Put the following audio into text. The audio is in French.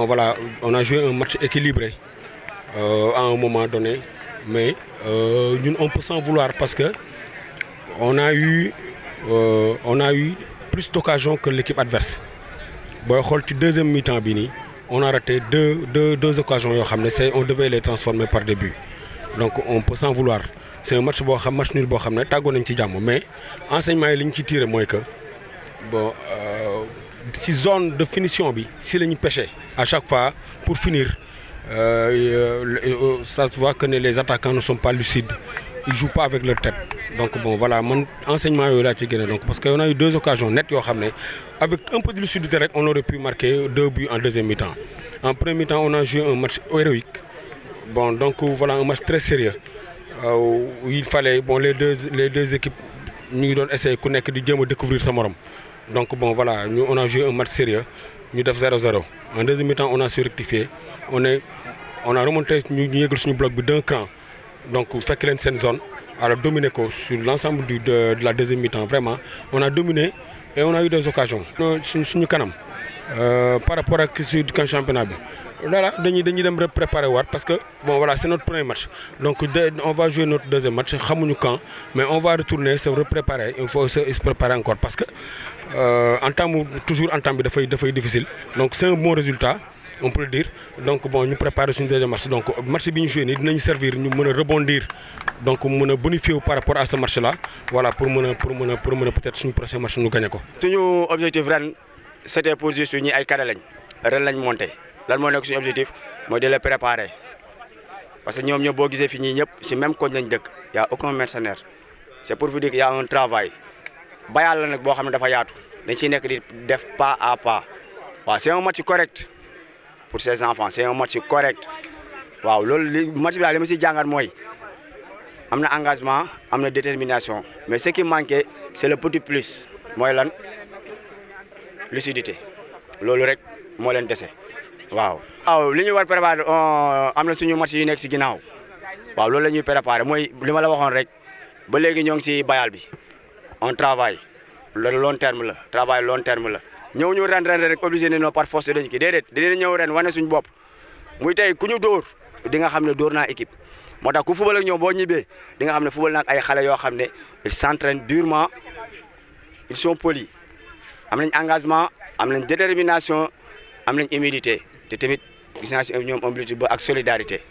voilà, on a joué un match équilibré euh, à un moment donné, mais euh, on peut s'en vouloir parce que on a eu, euh, on a eu plus d'occasions que l'équipe adverse. deuxième mi-temps on a raté deux, deux, deux occasions on devait les transformer par début. Donc on peut s'en vouloir. C'est un match bo xam match nul bo xamné mais enseignement est liñ ci que bon si zone de finition si les gens à chaque fois pour finir euh, euh, euh, ça se voit que les attaquants ne sont pas lucides ils ne jouent pas avec leur tête donc bon voilà mon enseignement est là parce qu'on a eu deux occasions nettes avec un peu de lucidité on aurait pu marquer deux buts en deuxième mi-temps en premier mi-temps on a joué un match héroïque bon donc voilà un match très sérieux il fallait bon les deux les deux équipes nous de connaître essayer découvrir ce donc bon voilà, nous on a joué un match sérieux, nous avons 0-0. En deuxième mi-temps, on a su rectifier. On, a remonté sur le bloc d'un cran. Donc fait une zone. Alors dominé sur l'ensemble de, la deuxième mi-temps, vraiment. On a dominé et on a eu des occasions. Nous, nous, euh, par rapport à à du championnat nous voilà nous dañuy préparer parce que bon voilà c'est notre premier match donc on va jouer notre deuxième match quand mais on va retourner se préparer il faut se préparer encore parce que euh, en temps toujours en temps bi dafay dafay difficile donc c'est un bon résultat on peut le dire donc bon ñu préparer notre deuxième match donc match bi joué nous nous servir nous rebondir donc nous bonifier par rapport à ce match là voilà pour nous pour pour peut-être le prochain match nous gagné ko. un objectif vraiment c'était positif ñi ay kada lañ ren lañ monté lan mo nek suñu objectif moy di la préparer parce que ñom ñoo bo gisee fi ñi ñëpp ci même koñ lañ dëkk y a aucun mercenaire c'est pour vous dire qu'il y a un travail bayal la nag bo xamné dafa yaatu dañ ci nek di def pas à pas wa c'est un match correct pour ces enfants c'est un match correct waaw loolu li match la daal ci ma si jàngat mooy am engagement amna détermination mais ce qui manquait c'est le petit plus moy lan lucidité C'est ce qui est waaw. waaw war préparer euh, suñu match yu nekk waaw préparer on travaille long terme Nous travail long terme là. de ñu ren ren rek Nous par force dañu ki déedéet dinañ nous ren wane nous sommes muy nous di nga équipe. moo ku football ak de football, s'entraînent durement ils sont polis. am nañ engagement am nañ détermination am nañ humilité te tamit gis naa ñoom humilité ba ak solidarité.